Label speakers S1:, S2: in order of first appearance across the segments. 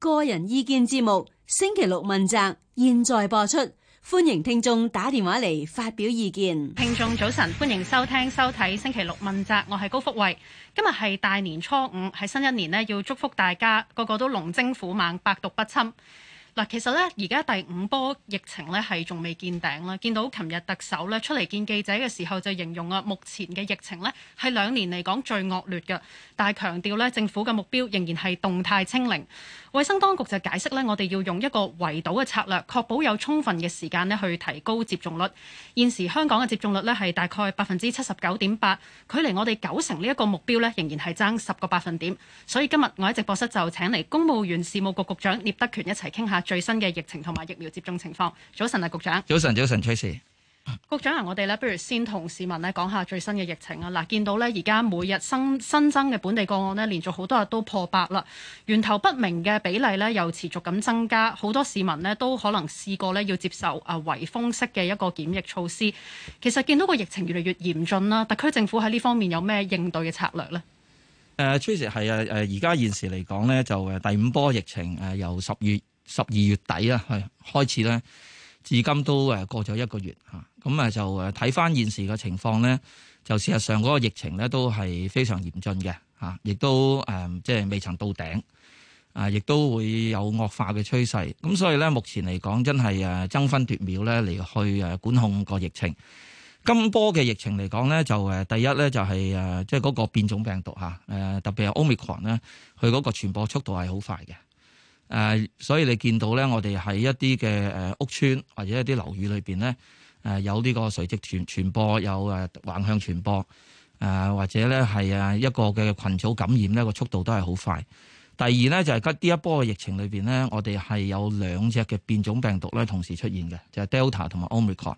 S1: 個人意見節目星期六問責，現在播出，歡迎聽眾打電話嚟發表意見。聽眾早晨，歡迎收聽收睇星期六問責，我係高福慧。今日係大年初五，喺新一年呢，要祝福大家個個都龍精虎猛，百毒不侵。嗱，其實呢，而家第五波疫情呢，係仲未見頂啦。見到琴日特首呢，出嚟見記者嘅時候，就形容啊，目前嘅疫情呢，係兩年嚟講最惡劣嘅，但係強調呢，政府嘅目標仍然係動態清零。衛生當局就解釋呢，我哋要用一個圍堵嘅策略，確保有充分嘅時間呢去提高接種率。現時香港嘅接種率呢，係大概百分之七十九點八，距離我哋九成呢一個目標呢，仍然係爭十個百分點。所以今日我喺直播室就請嚟公務員事務局局，局長聶德權一齊傾下。最新嘅疫情同埋疫苗接種情況。早晨啊，局長。早
S2: 晨，早晨，Tracy。
S1: 局長啊，我哋咧，不如先同市民呢講下最新嘅疫情啊。嗱，見到呢，而家每日新新增嘅本地個案呢，連續好多日都破百啦。源頭不明嘅比例呢，又持續咁增加。好多市民呢，都可能試過呢要接受啊圍封式嘅一個檢疫措施。其實見到個疫情越嚟越嚴峻啦，特區政府喺呢方面有咩應對嘅策略呢？誒
S2: ，Tracy 係啊，誒，而家現時嚟講呢，就誒第五波疫情誒由十月。十二月底啦，係開始咧，至今都誒過咗一個月嚇，咁啊就誒睇返現時嘅情況咧，就事實上嗰個疫情咧都係非常嚴峻嘅嚇，亦、啊、都誒、嗯、即係未曾到頂，啊，亦都會有惡化嘅趨勢，咁、啊、所以咧目前嚟講真係誒爭分奪秒咧嚟去誒管控個疫情。今波嘅疫情嚟講咧，就誒第一咧就係誒即係嗰個變種病毒嚇，誒、啊、特別係 Omicron 咧，佢嗰個傳播速度係好快嘅。所以你見到咧，我哋喺一啲嘅屋村或者一啲樓宇裏面咧，有呢個垂直傳播，有橫向傳播，或者咧係一個嘅群組感染咧，個速度都係好快。第二咧就係今呢一波嘅疫情裏面咧，我哋係有兩隻嘅變種病毒咧同時出現嘅，就係、是、Delta 同埋 Omicron。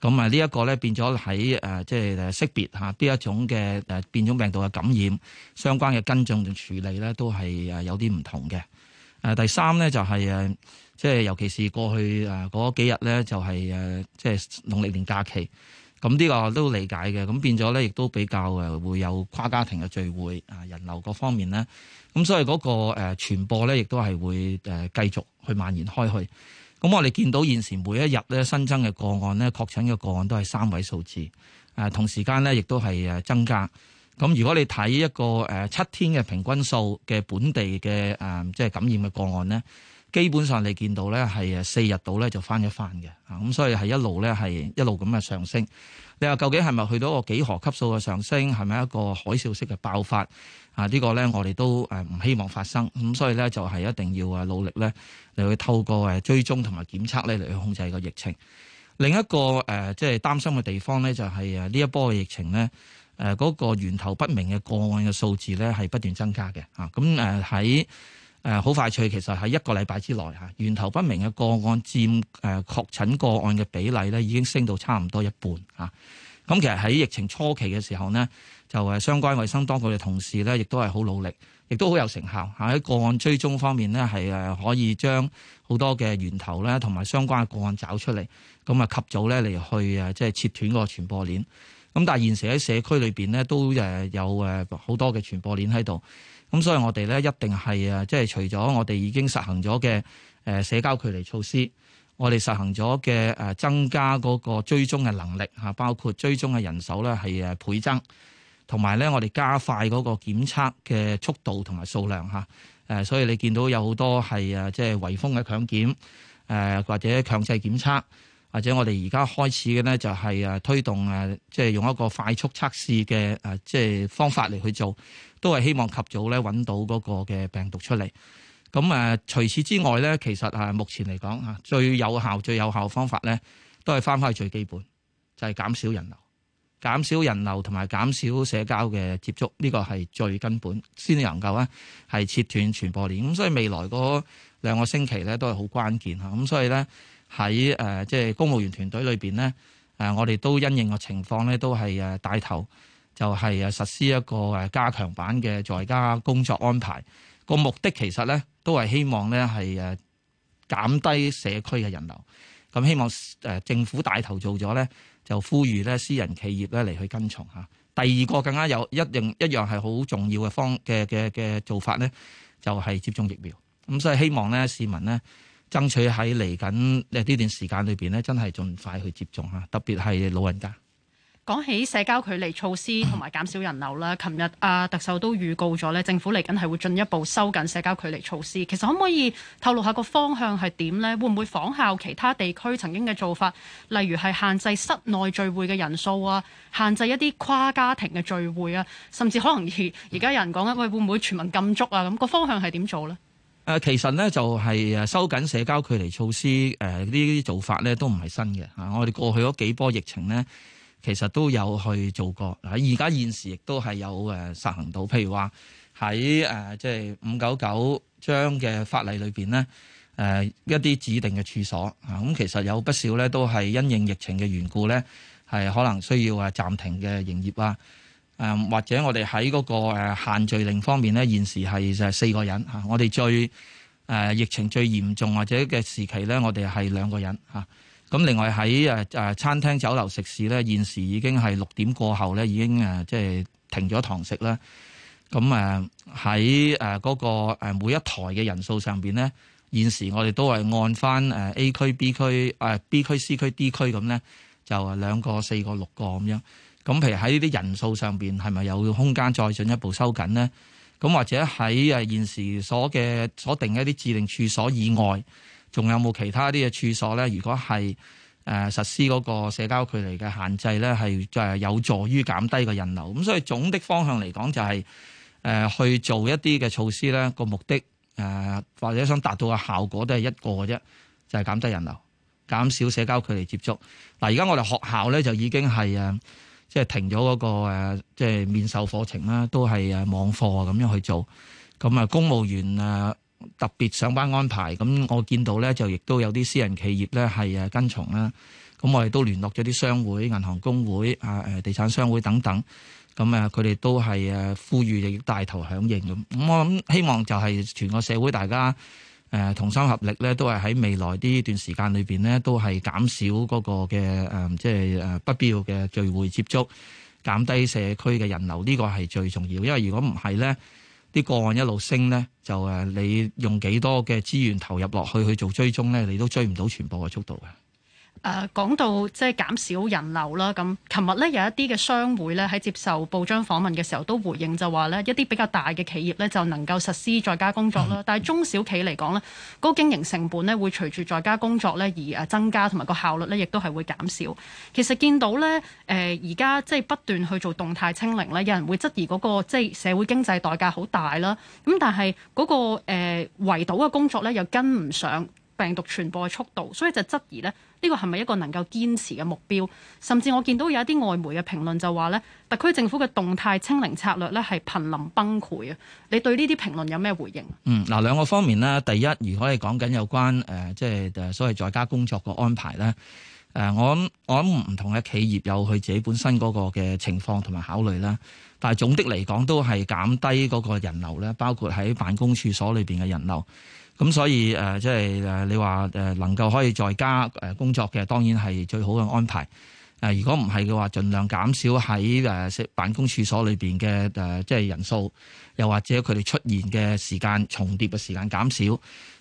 S2: 咁、這、啊、個，呢一個咧變咗喺即係識別嚇呢一種嘅誒變種病毒嘅感染相關嘅跟進同處理咧都係有啲唔同嘅。第三咧就係即係尤其是過去嗰幾日咧，就係即係農曆年假期，咁呢個都理解嘅，咁變咗咧亦都比較誒會有跨家庭嘅聚會啊，人流各方面咧，咁所以嗰個誒傳播咧亦都係會誒繼續去蔓延開去。咁我哋見到現時每一日咧新增嘅個案咧，確診嘅個案都係三位數字，同時間咧亦都係增加。咁如果你睇一個七天嘅平均數嘅本地嘅、嗯、即係感染嘅個案咧，基本上你見到咧係四日度咧就翻一翻嘅。咁所以係一路咧係一路咁嘅上升。你話究竟係咪去到個幾何級數嘅上升，係咪一個海嘯式嘅爆發啊？這個、呢個咧我哋都唔希望發生，咁、啊、所以咧就係、是、一定要努力咧嚟去透過追蹤同埋檢測咧嚟去控制個疫情。另一個即係、呃就是、擔心嘅地方咧就係、是、呢一波嘅疫情咧。誒嗰個源頭不明嘅個案嘅數字咧係不斷增加嘅嚇，咁誒喺誒好快脆，其實喺一個禮拜之內嚇，源頭不明嘅個案佔誒確診個案嘅比例咧已經升到差唔多一半嚇。咁其實喺疫情初期嘅時候呢，就誒相關衞生當局嘅同事咧，亦都係好努力，亦都好有成效嚇，喺個案追蹤方面呢，係誒可以將好多嘅源頭咧同埋相關嘅個案找出嚟，咁啊及早咧嚟去誒即係切斷個傳播鏈。咁但係現時喺社區裏邊咧，都誒有誒好多嘅傳播鏈喺度，咁所以我哋咧一定係誒，即係除咗我哋已經實行咗嘅誒社交距離措施，我哋實行咗嘅誒增加嗰個追蹤嘅能力嚇，包括追蹤嘅人手咧係誒倍增，同埋咧我哋加快嗰個檢測嘅速度同埋數量嚇。誒，所以你見到有好多係誒即係圍封嘅強檢誒，或者強制檢測。或者我哋而家開始嘅咧，就係誒推動誒，即係用一個快速測試嘅誒，即係方法嚟去做，都係希望及早咧揾到嗰個嘅病毒出嚟。咁誒，除此之外咧，其實啊，目前嚟講啊，最有效、最有效嘅方法咧，都係翻返去最基本，就係減少人流、減少人流同埋減少社交嘅接觸，呢個係最根本，先至能夠咧係切斷傳播鏈。咁所以未來嗰兩個星期咧，都係好關鍵嚇。咁所以咧。喺誒即係公務員團隊裏邊咧，誒我哋都因應個情況咧，都係誒帶頭就係誒實施一個誒加強版嘅在家工作安排。個目的其實咧都係希望咧係誒減低社區嘅人流。咁希望誒政府帶頭做咗咧，就呼籲咧私人企業咧嚟去跟從吓。第二個更加有一定一樣係好重要嘅方嘅嘅嘅做法咧，就係接種疫苗。咁所以希望咧市民咧。爭取喺嚟緊呢段時間裏邊呢，真係盡快去接種啊！特別係老人家。
S1: 講起社交距離措施同埋減少人流啦，琴日阿特首都預告咗咧，政府嚟緊係會進一步收緊社交距離措施。其實可唔可以透露下個方向係點呢？會唔會仿效其他地區曾經嘅做法，例如係限制室內聚會嘅人數啊，限制一啲跨家庭嘅聚會啊，甚至可能而家有人講緊喂，會唔會全民禁足啊？咁個方向係點做呢？
S2: 其實咧就係收緊社交距離措施，呢啲做法咧都唔係新嘅嚇。我哋過去嗰幾波疫情咧，其實都有去做過。而家現時亦都係有誒實行到，譬如話喺即係五九九章嘅法例裏面咧，一啲指定嘅處所嚇，咁其實有不少咧都係因應疫情嘅緣故咧，係可能需要誒暫停嘅營業啊。誒或者我哋喺嗰個限聚令方面咧，現時係就係四個人嚇。我哋最誒、呃、疫情最嚴重或者嘅時期咧，我哋係兩個人嚇。咁、啊、另外喺誒誒餐廳、酒樓、食肆咧，現時已經係六點過後咧，已經誒、呃、即係停咗堂食啦。咁誒喺誒嗰個每一台嘅人數上邊咧，現時我哋都係按翻誒 A 區、B 區、誒、呃、B 區、C 區、D 區咁咧，就兩個、四個、六個咁樣。咁，譬如喺呢啲人數上邊，係咪有空間再進一步收緊咧？咁或者喺誒現時所嘅所定一啲指定處所以外，仲有冇其他啲嘅處所咧？如果係誒、呃、實施嗰個社交距離嘅限制咧，係誒有助於減低個人流。咁所以總的方向嚟講、就是，就係誒去做一啲嘅措施咧。個目的誒、呃、或者想達到嘅效果都係一個啫，就係、是、減低人流，減少社交距離接觸。嗱，而家我哋學校咧就已經係誒。即係停咗嗰個誒即係面授課程啦，都係誒網課咁樣去做。咁啊，公務員誒特別上班安排，咁我見到咧就亦都有啲私人企業咧係誒跟從啦。咁我哋都聯絡咗啲商會、銀行、工會啊、誒地產商會等等。咁啊，佢哋都係誒呼籲亦大頭響應咁。咁我諗希望就係全個社會大家，誒同心合力咧，都係喺未來呢一段時間裏面，咧，都係減少嗰個嘅即係誒不必要嘅聚會接觸，減低社區嘅人流，呢個係最重要。因為如果唔係咧，啲個案一路升咧，就你用幾多嘅資源投入落去去做追蹤咧，你都追唔到全部嘅速度嘅。
S1: 誒講、呃、到即係減少人流啦，咁琴日呢有一啲嘅商會呢喺接受報章訪問嘅時候都回應就話呢一啲比較大嘅企業呢就能夠實施在家工作啦，但係中小企嚟講呢嗰、那個經營成本呢會隨住在家工作呢而增加，同埋個效率呢亦都係會減少。其實見到呢，誒而家即係不斷去做動態清零呢，有人會質疑嗰、那個即係、就是、社會經濟代價好大啦。咁但係嗰、那個誒圍堵嘅工作呢，又跟唔上。病毒傳播嘅速度，所以就質疑咧，呢個係咪一個能夠堅持嘅目標？甚至我見到有一啲外媒嘅評論就話呢，特區政府嘅動態清零策略咧係瀕臨崩潰啊！你對呢啲評論有咩回應？
S2: 嗯，嗱兩個方面啦，第一，如果你講緊有關誒，即、呃、係所謂在家工作嘅安排呢。誒，我諗我諗唔同嘅企業有佢自己本身嗰個嘅情況同埋考慮啦，但係總的嚟講都係減低嗰個人流咧，包括喺辦公處所裏面嘅人流。咁所以誒，即係你話能夠可以在家工作嘅，當然係最好嘅安排。如果唔係嘅話，盡量減少喺誒辦公處所裏面嘅誒，即係人數，又或者佢哋出現嘅時間重疊嘅時間減少。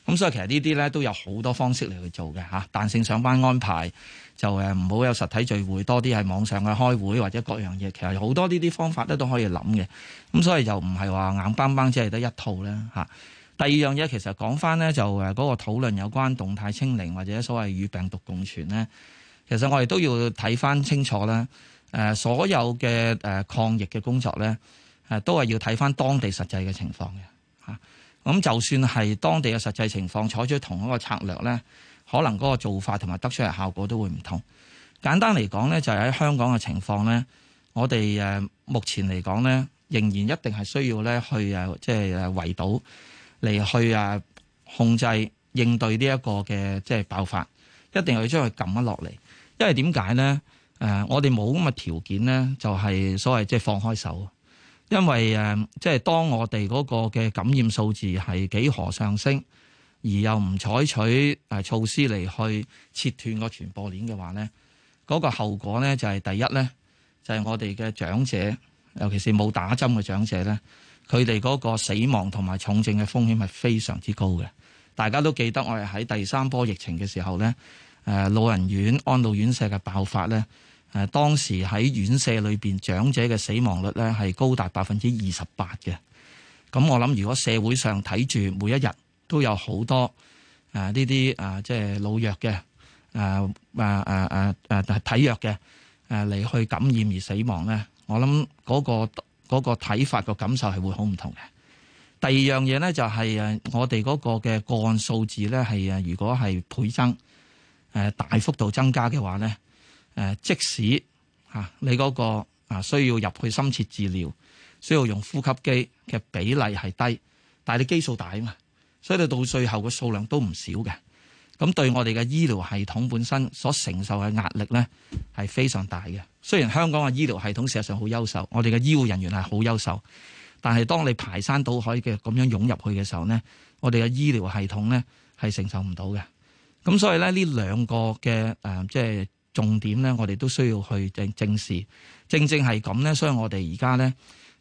S2: 咁所以其實呢啲咧都有好多方式嚟去做嘅嚇，彈性上班安排就誒唔好有實體聚會，多啲喺網上去開會或者各樣嘢。其實好多呢啲方法咧都可以諗嘅。咁所以就唔係話硬邦邦，只係得一套啦嚇。第二樣嘢其實講翻咧就誒嗰個討論有關動態清零或者所謂與病毒共存咧，其實我哋都要睇翻清楚啦。誒所有嘅誒抗疫嘅工作咧誒都係要睇翻當地實際嘅情況嘅嚇。咁就算係當地嘅實際情況，採取同一個策略咧，可能嗰個做法同埋得出嚟效果都會唔同。簡單嚟講咧，就係喺香港嘅情況咧，我哋誒目前嚟講咧，仍然一定係需要咧去誒，即係圍堵嚟去啊控制應對呢一個嘅即係爆發，一定係要將佢撳一落嚟。因為點解咧？誒，我哋冇咁嘅條件咧，就係所謂即係放開手。因為誒，即係當我哋嗰個嘅感染數字係幾何上升，而又唔採取誒措施嚟去切斷個傳播鏈嘅話咧，嗰、嗰個後果咧就係第一咧，就係、係、我哋嘅長者，尤其是冇打針嘅長者咧，佢哋嗰個死亡同埋重症嘅風險係非常之高嘅。大家都記得我哋喺第三波疫情嘅時候咧，誒老人院安老院舍嘅爆發咧。誒，當時喺院舍裏邊長者嘅死亡率咧係高達百分之二十八嘅。咁我諗，如果社會上睇住每一日都有好多誒呢啲誒即係老弱嘅誒誒誒誒誒體弱嘅誒嚟去感染而死亡咧，我諗嗰個嗰個睇法個感受係會好唔同嘅。第二樣嘢咧就係誒我哋嗰個嘅個案數字咧係誒如果係倍增誒大幅度增加嘅話咧。誒，即使嚇你嗰個啊，需要入去深切治療，需要用呼吸機嘅比例係低，但係你基數大啊嘛，所以你到最後個數量都唔少嘅。咁對我哋嘅醫療系統本身所承受嘅壓力咧係非常大嘅。雖然香港嘅醫療系統事實上好優秀，我哋嘅醫護人員係好優秀，但係當你排山倒海嘅咁樣湧入去嘅時候咧，我哋嘅醫療系統咧係承受唔到嘅。咁所以咧呢兩個嘅誒、呃，即係。重點咧，我哋都需要去正正視，正正係咁咧。所以我哋而家咧，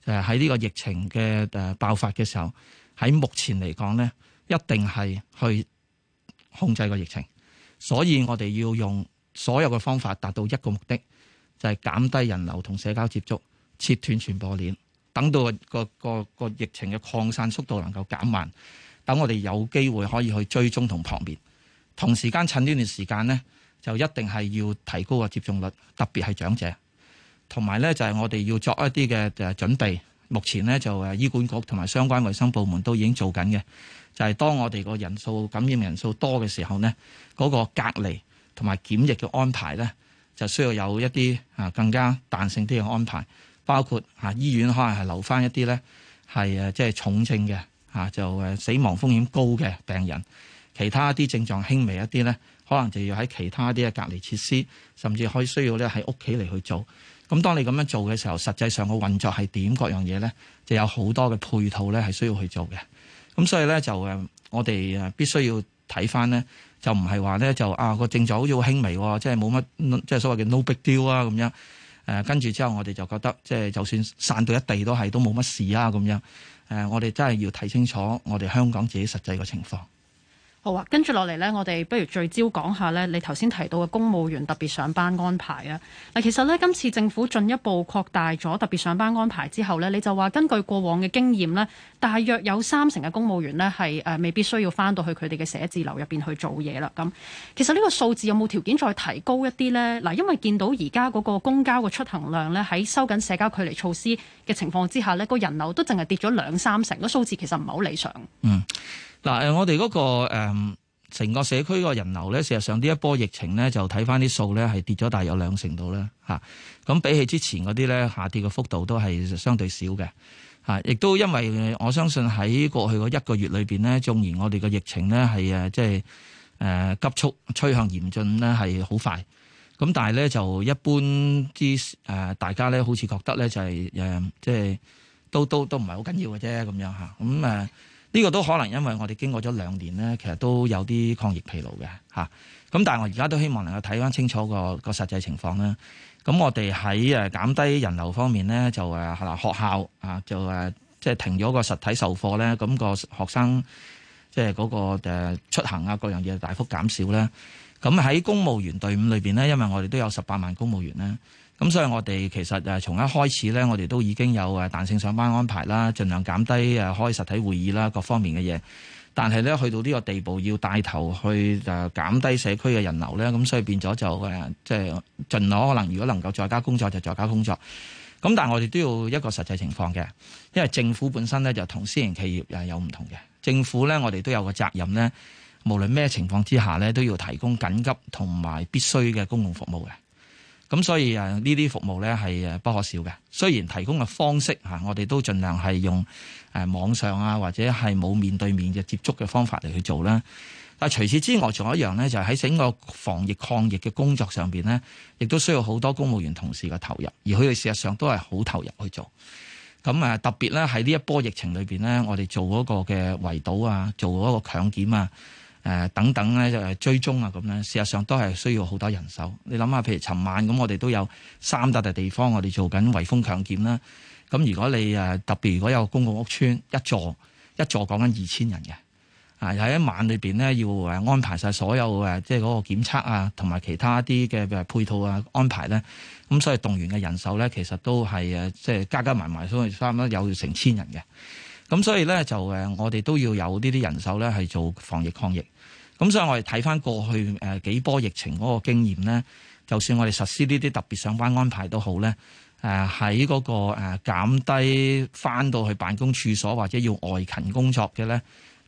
S2: 喺呢個疫情嘅誒爆發嘅時候，喺目前嚟講咧，一定係去控制個疫情。所以我哋要用所有嘅方法達到一個目的，就係、是、減低人流同社交接觸，切斷傳播鏈。等到個個個，個疫情嘅擴散速度能夠減慢，等我哋有機會可以去追蹤同旁邊。同時間，趁呢段時間咧。就一定係要提高個接種率，特別係長者。同埋咧，就係我哋要作一啲嘅誒準備。目前咧就誒醫管局同埋相關衞生部門都已經做緊嘅，就係當我哋個人數感染人數多嘅時候咧，嗰個隔離同埋檢疫嘅安排咧，就需要有一啲啊更加彈性啲嘅安排。包括啊醫院可能係留翻一啲咧係誒即係重症嘅啊就誒死亡風險高嘅病人，其他一啲症狀輕微一啲咧。可能就要喺其他啲嘅隔離設施，甚至可以需要咧喺屋企嚟去做。咁當你咁樣做嘅時候，實際上個運作係點各樣嘢咧，就有好多嘅配套咧係需要去做嘅。咁所以咧就誒，我哋誒必須要睇翻咧，就唔係話咧就啊個症狀好似好輕微，即係冇乜，即係所謂嘅 no big deal 啊咁樣。誒跟住之後，我哋就覺得即係就算散到一地都係都冇乜事啊咁樣。啊、我哋真係要睇清楚我哋香港自己實際嘅情況。
S1: 好啊，跟住落嚟呢，我哋不如聚焦講下呢。你頭先提到嘅公務員特別上班安排啊。嗱，其實呢，今次政府進一步擴大咗特別上班安排之後呢，你就話根據過往嘅經驗呢，大約有三成嘅公務員呢係誒未必需要翻到去佢哋嘅寫字樓入邊去做嘢啦。咁，其實呢個數字有冇條件再提高一啲呢？嗱，因為見到而家嗰個公交嘅出行量呢，喺收緊社交距離措施嘅情況之下呢，個人流都淨係跌咗兩三成，個數字其實唔係好理想。嗯。
S2: 嗱誒，我哋嗰、嗰個成、呃、個社區嗰個人流咧，事實上呢一波疫情咧，就睇翻啲數咧係跌咗，大約兩成度啦。嚇。咁比起之前嗰啲咧，下跌嘅幅度都係相對少嘅嚇。亦、啊、都因為我相信喺過去嗰一個月裏邊咧，縱然我哋嘅疫情咧係誒即係誒急速趨向嚴峻咧係好快。咁、啊、但係咧就一般啲誒、啊、大家咧好似覺得咧就係誒即係都都都唔係好緊要嘅啫咁樣嚇。咁、啊、誒。啊呢個都可能因為我哋經過咗兩年咧，其實都有啲抗疫疲勞嘅嚇。咁但係我而家都希望能夠睇翻清楚個個實際情況啦。咁、啊、我哋喺誒減低人流方面咧，就誒嗱、啊、學校啊，就即係、啊就是、停咗個實體授課咧，咁、啊、個學生即係嗰個出行啊，各樣嘢大幅減少咧。咁、啊、喺公務員隊伍裏面咧，因為我哋都有十八萬公務員咧。咁所以，我哋其實誒從一開始咧，我哋都已經有誒彈性上班安排啦，盡量減低誒、啊、開實體會議啦，各方面嘅嘢。但係咧，去到呢個地步，要帶頭去誒、啊、減低社區嘅人流咧，咁所以變咗就誒即係盡可能，如果能夠在家工作，就在家工作。咁但係我哋都要一個實際情況嘅，因為政府本身咧就同私人企業有唔同嘅。政府咧，我哋都有個責任咧，無論咩情況之下咧，都要提供緊急同埋必須嘅公共服務嘅。咁所以誒呢啲服務呢係誒不可少嘅。雖然提供嘅方式、啊、我哋都盡量係用誒、啊、網上啊，或者係冇面對面嘅接觸嘅方法嚟去做啦。但係除此之外，仲有一樣呢，就係、是、喺整個防疫抗疫嘅工作上面呢，亦都需要好多公務員同事嘅投入，而佢哋事實上都係好投入去做。咁啊，特別呢喺呢一波疫情裏面呢，我哋做嗰個嘅圍堵啊，做嗰個強檢啊。誒等等咧，就係追蹤啊咁咧，事實上都係需要好多人手。你諗下，譬如尋晚咁，我哋都有三笪地方，我哋做緊圍封強檢啦。咁如果你誒特別如果有公共屋邨一座一座講緊二千人嘅，啊喺一晚裏邊咧要安排晒所有誒即係嗰個檢測啊，同埋其他啲嘅配套啊安排咧，咁所以動員嘅人手咧，其實都係即係加加埋埋所以差唔多有成千人嘅。咁所以咧就誒，我哋都要有呢啲人手咧，去做防疫抗疫。咁所以我哋睇翻過去誒、呃、幾波疫情嗰個經驗咧，就算我哋實施呢啲特別上班安排都好咧，誒喺嗰個誒、呃、減低翻到去辦公處所或者要外勤工作嘅咧，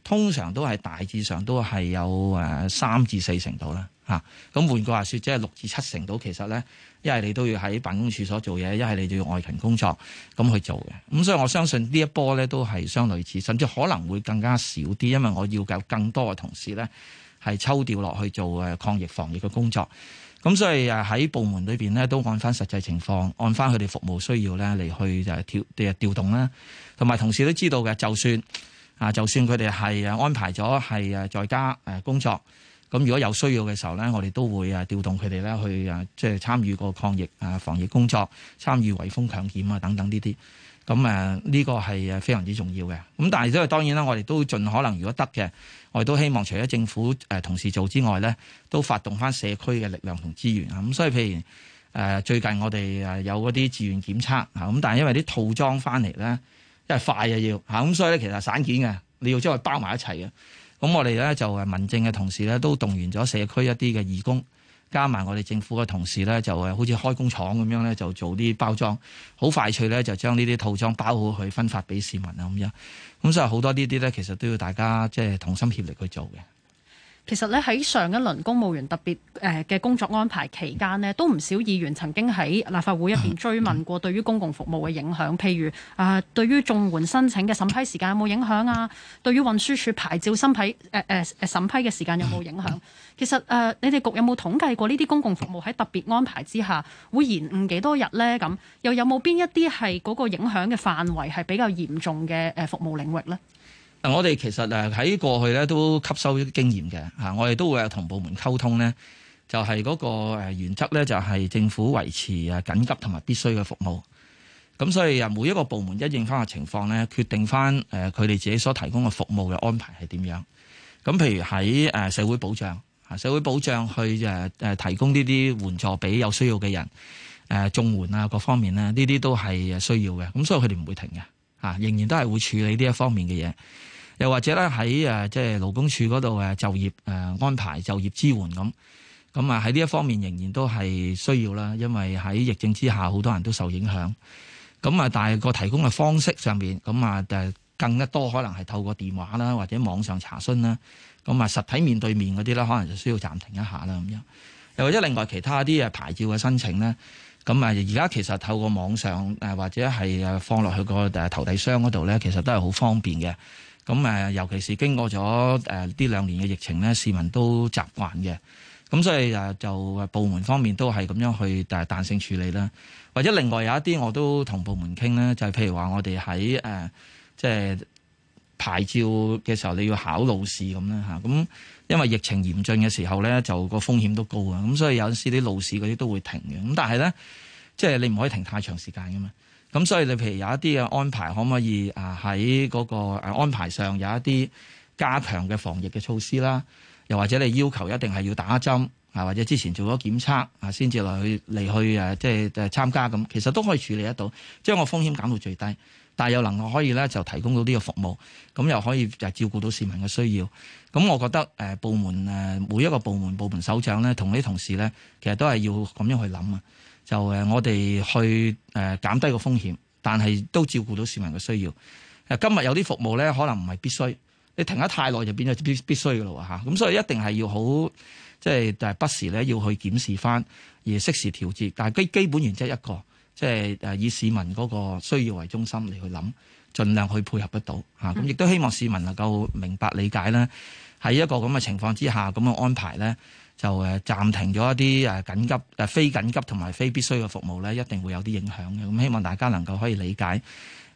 S2: 通常都係大致上都係有誒、呃、三至四成度啦。吓，咁換句話說即係六至七成度，其實咧，一係你都要喺辦公處所做嘢，一係你就要外勤工作咁去做嘅。咁所以我相信呢一波咧都係相類似，甚至可能會更加少啲，因為我要有更多嘅同事咧係抽調落去做抗疫防疫嘅工作。咁所以喺部門裏面咧都按翻實際情況，按翻佢哋服務需要咧嚟去誒調，調動啦。同埋同事都知道嘅，就算啊，就算佢哋係安排咗係誒在家工作。咁如果有需要嘅時候咧，我哋都會啊調動佢哋咧去啊，即係參與個抗疫啊防疫工作，參與圍封強檢啊等等呢啲。咁呢個係非常之重要嘅。咁但係都係當然啦，我哋都盡可能，如果得嘅，我哋都希望除咗政府同事做之外咧，都發動翻社區嘅力量同資源啊。咁所以譬如最近我哋有嗰啲自願檢測啊，咁但係因為啲套裝翻嚟咧，一係快啊要嚇，咁所以咧其實散件嘅，你要將佢包埋一齊嘅。咁我哋咧就誒民政嘅同事咧都動員咗社區一啲嘅義工，加埋我哋政府嘅同事咧就誒好似開工廠咁樣咧就做啲包裝，好快脆咧就將呢啲套裝包好去分發俾市民啊咁樣。咁所以好多呢啲咧其實都要大家即係、就是、同心協力去做嘅。
S1: 其實咧喺上一輪公務員特別誒嘅工作安排期間呢都唔少議員曾經喺立法會入邊追問過對於公共服務嘅影響，譬如啊、呃，對於綜援申請嘅審批時間有冇影響啊？對於運輸署牌照審批誒誒誒審批嘅時間有冇影響？其實誒、呃，你哋局有冇統計過呢啲公共服務喺特別安排之下會延誤幾多日呢？咁又有冇邊一啲係嗰個影響嘅範圍係比較嚴重嘅誒服務領域呢？
S2: 我哋其實誒喺過去咧都吸收經驗嘅吓，我哋都會同部門溝通咧，就係、是、嗰個原則咧，就係政府維持啊緊急同埋必須嘅服務。咁所以啊，每一個部門一應翻嘅情況咧，決定翻誒佢哋自己所提供嘅服務嘅安排係點樣。咁譬如喺社會保障吓，社會保障去誒誒提供呢啲援助俾有需要嘅人誒綜、呃、援啊各方面咧，呢啲都係需要嘅。咁所以佢哋唔會停嘅吓，仍然都係會處理呢一方面嘅嘢。又或者咧，喺即係勞工處嗰度就業安排、就業支援咁。咁啊，喺呢一方面仍然都係需要啦，因為喺疫症之下好多人都受影響。咁啊，但係個提供嘅方式上面，咁啊更加多可能係透過電話啦，或者網上查詢啦。咁啊，實體面對面嗰啲啦，可能就需要暫停一下啦咁樣。又或者另外其他啲誒牌照嘅申請咧，咁啊而家其實透過網上或者係放落去個誒投遞箱嗰度咧，其實都係好方便嘅。咁誒，尤其是經過咗誒呢兩年嘅疫情咧，市民都習慣嘅。咁所以誒，就部門方面都係咁樣去誒彈性處理啦。或者另外有一啲，我都同部門傾咧，就係、是、譬如話我哋喺誒即係牌照嘅時候，你要考路試咁啦吓。咁因為疫情嚴峻嘅時候咧，就個風險都高呀。咁所以有時啲路試嗰啲都會停嘅。咁但係咧，即係你唔可以停太長時間㗎嘛。咁所以你譬如有一啲嘅安排，可唔可以啊喺嗰個安排上有一啲加強嘅防疫嘅措施啦？又或者你要求一定係要打針啊，或者之前做咗檢測啊，先至來去嚟去誒，即係參加咁，其實都可以處理得到，將個風險減到最低，但又能夠可以咧就提供到呢個服務，咁又可以就照顧到市民嘅需要。咁我覺得誒部門誒每一個部門部門首長咧同啲同事咧，其實都係要咁樣去諗啊。就誒，我哋去誒減低個風險，但係都照顧到市民嘅需要。誒，今日有啲服務咧，可能唔係必須，你停得太耐就變咗必必須嘅囉，吓，咁所以一定係要好，即係但係不時咧要去檢視翻，而適時調節。但係基基本原則一個，即係誒以市民嗰個需要為中心嚟去諗，盡量去配合得到吓。咁亦都希望市民能夠明白理解咧，喺一個咁嘅情況之下，咁嘅安排咧。就誒暫停咗一啲誒，緊急誒非緊急、同埋非必須嘅服務咧，一定會有啲影響嘅。咁希望大家能夠可以理解，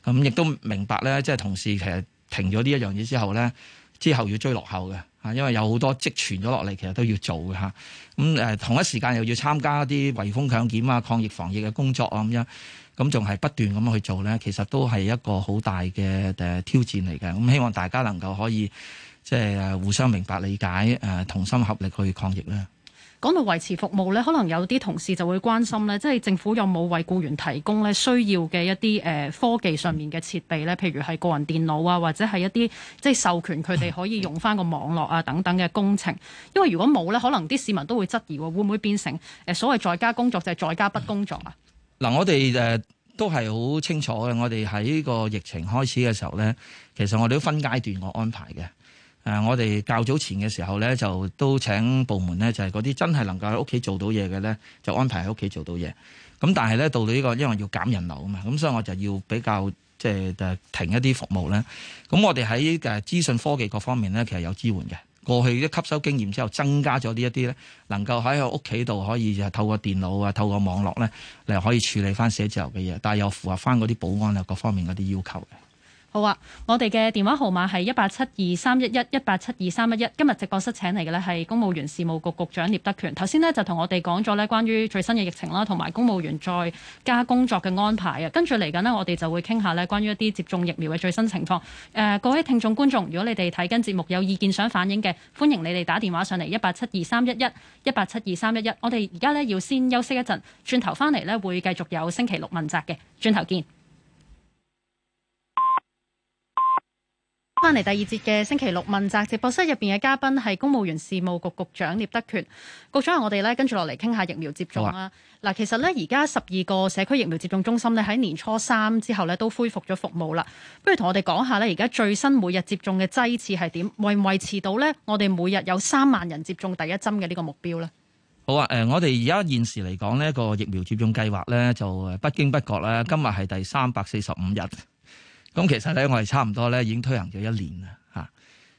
S2: 咁亦都明白咧，即係同事其實停咗呢一樣嘢之後咧，之後要追落後嘅嚇，因為有好多積存咗落嚟，其實都要做嘅嚇。咁誒同一時間又要參加啲圍封強檢啊、抗疫防疫嘅工作啊，咁樣咁仲係不斷咁去做咧，其實都係一個好大嘅挑戰嚟嘅。咁希望大家能夠可以。即係互相明白理解，誒同心合力去抗疫呢。
S1: 講到維持服務呢，可能有啲同事就會關心呢，即係政府有冇為僱員提供呢，需要嘅一啲誒科技上面嘅設備呢，譬如係個人電腦啊，或者係一啲即係授權佢哋可以用翻個網絡啊等等嘅工程。 因為如果冇呢，可能啲市民都會質疑，會唔會變成誒所謂在家工作就係、是、在家不工作啊？
S2: 嗱、嗯，我哋誒都係好清楚嘅。我哋喺個疫情開始嘅時候呢，其實我哋都分階段我安排嘅。呃、我哋較早前嘅時候咧，就都請部門咧，就係嗰啲真係能夠喺屋企做到嘢嘅咧，就安排喺屋企做到嘢。咁、嗯、但係咧，到到呢、呢個因為要減人流啊嘛，咁所以我就要比較即係、就係、停一啲服務咧。咁、嗯、我哋喺誒資訊科技各方面咧，其實有支援嘅。過去一吸收經驗之後，增加咗呢一啲咧，能夠喺屋企度可以就透過電腦啊，透過網絡咧嚟可以處理翻寫字樓嘅嘢，但係又符合翻嗰啲保安啊各方面嗰啲要求嘅。
S1: 好啊！我哋嘅電話號碼係一八七二三一一一八七二三一一。今日直播室請嚟嘅呢係公務員事務局局長聶德權。頭先呢就同我哋講咗呢關於最新嘅疫情啦，同埋公務員在家工作嘅安排啊。跟住嚟緊呢，我哋就會傾下呢關於一啲接種疫苗嘅最新情況。誒、呃，各位聽眾觀眾，如果你哋睇緊節目有意見想反映嘅，歡迎你哋打電話上嚟一八七二三一一一八七二三一一。11, 11，我哋而家呢要先休息一陣，轉頭翻嚟呢會繼續有星期六問責嘅。轉頭見。翻嚟第二節嘅星期六問責，直播室入邊嘅嘉賓係公務員事務局局長聶德權局長，我哋咧跟住落嚟傾下疫苗接種啦。嗱、啊，其實咧而家十二個社區疫苗接種中心咧喺年初三之後咧都恢復咗服務啦。不如同我哋講下咧而家最新每日接種嘅劑次係點，維唔維持到咧我哋每日有三萬人接種第一針嘅呢個目標咧？
S2: 好啊，誒、呃，我哋而家現時嚟講呢、呢個疫苗接種計劃咧就不經不覺咧，今日係第三百四十五日。咁其實咧，我哋差唔多咧，已經推行咗一年啦，嚇！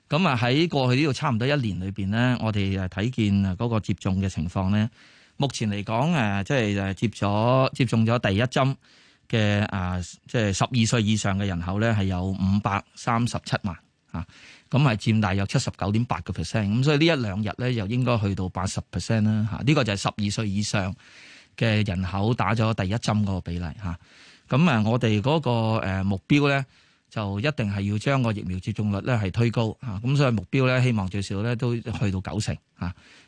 S2: 咁啊喺過去呢度，差唔多一年裏邊咧，我哋誒睇見嗰個接種嘅情況咧，目前嚟講誒，即係誒接咗接種咗第一針嘅啊，即係十二歲以上嘅人口咧，係有五百三十七萬，嚇！咁係佔大約七十九點八個 percent，咁所以呢一兩日咧，又應該去到八十 percent 啦，嚇！呢個就係十二歲以上嘅人口打咗第一針嗰個比例嚇。咁啊，我哋嗰個目標咧，就一定係要將個疫苗接種率咧係推高。咁所以目標咧，希望最少咧都去到九成。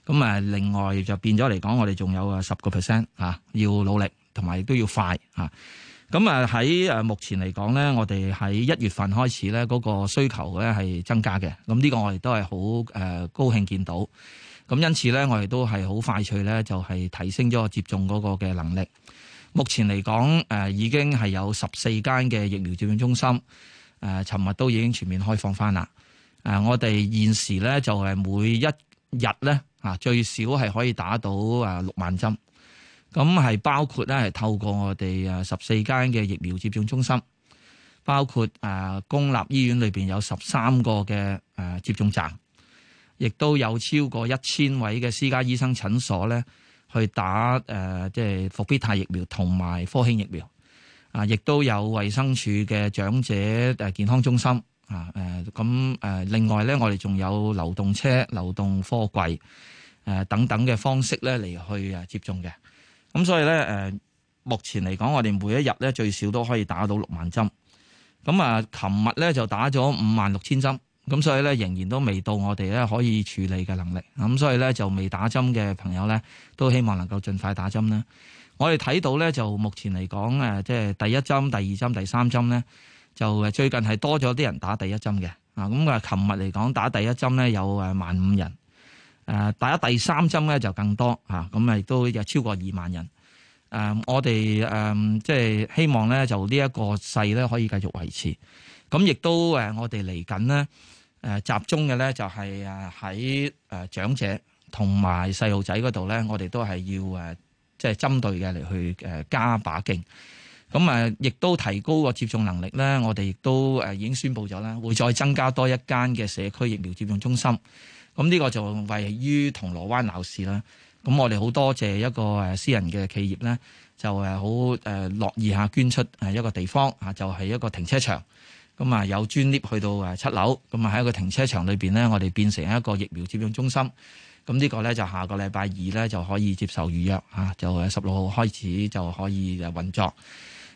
S2: 咁啊，另外就變咗嚟講，我哋仲有十個 percent 要努力，同埋亦都要快。咁啊，喺目前嚟講咧，我哋喺一月份開始咧，嗰個需求咧係增加嘅。咁呢個我哋都係好誒高興見到。咁因此咧，我哋都係好快脆咧，就係提升咗接種嗰個嘅能力。目前嚟講，誒已經係有十四間嘅疫苗接種中心，誒尋日都已經全面開放翻啦。誒，我哋現時咧就係每一日咧啊最少係可以打到啊六萬針，咁係包括咧係透過我哋啊十四間嘅疫苗接種中心，包括誒公立醫院裏邊有十三個嘅誒接種站，亦都有超過一千位嘅私家醫生診所咧。去打誒，即係復必泰疫苗同埋科興疫苗啊。亦都有衛生署嘅長者健康中心啊。咁、啊啊、另外咧，我哋仲有流動車、流動貨櫃、啊、等等嘅方式咧，嚟去接種嘅。咁、啊、所以咧、啊、目前嚟講，我哋每一日咧最少都可以打到六萬針。咁啊，琴日咧就打咗五萬六千針。咁所以咧仍然都未到我哋咧可以處理嘅能力，咁所以咧就未打針嘅朋友咧都希望能夠盡快打針啦。我哋睇到咧就目前嚟講、呃、即係第一針、第二針、第三針咧，就最近係多咗啲人打第一針嘅啊。咁、嗯、啊，琴日嚟講打第一針咧有誒萬五人，誒、呃、打第三針咧就更多吓咁亦、啊、都有超過二萬人。啊、我哋、呃、即係希望咧就勢呢一個勢咧可以繼續維持。咁亦都誒、我哋嚟緊咧。誒集中嘅咧就係誒喺誒長者同埋細路仔嗰度咧，我哋都係要誒即係針對嘅嚟去誒加把勁。咁誒亦都提高個接種能力咧，我哋亦都誒已經宣佈咗啦，會再增加多一間嘅社區疫苗接種中心。咁呢個就位於銅鑼灣鬧市啦。咁我哋好多謝一個誒私人嘅企業咧，就誒好誒樂意下捐出誒一個地方嚇，就係一個停車場。咁啊，有專 lift 去到七樓，咁啊喺一個停車場裏面咧，我哋變成一個疫苗接種中心。咁、這、呢個咧就下個禮拜二咧就可以接受預約，吓就十六號開始就可以就運作。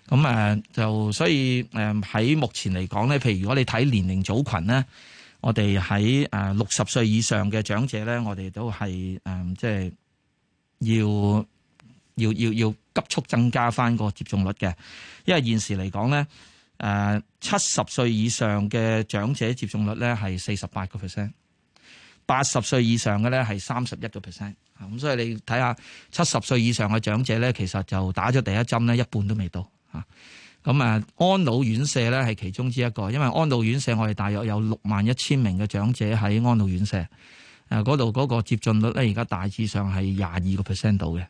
S2: 咁誒就所以喺目前嚟講咧，譬如如果你睇年齡組群咧，我哋喺誒六十歲以上嘅長者咧，我哋都係誒即係要要要要急速增加翻個接種率嘅，因為現時嚟講咧。誒七十歲以上嘅長者接種率咧係四十八個 percent，八十歲以上嘅咧係三十一個 percent。咁所以你睇下七十歲以上嘅長者咧，其實就打咗第一針咧，一半都未到嚇。咁啊安老院舍咧係其中之一個，因為安老院舍我哋大約有六萬一千名嘅長者喺安老院舍，誒嗰度嗰個接種率咧而家大致上係廿二個 percent 到嘅。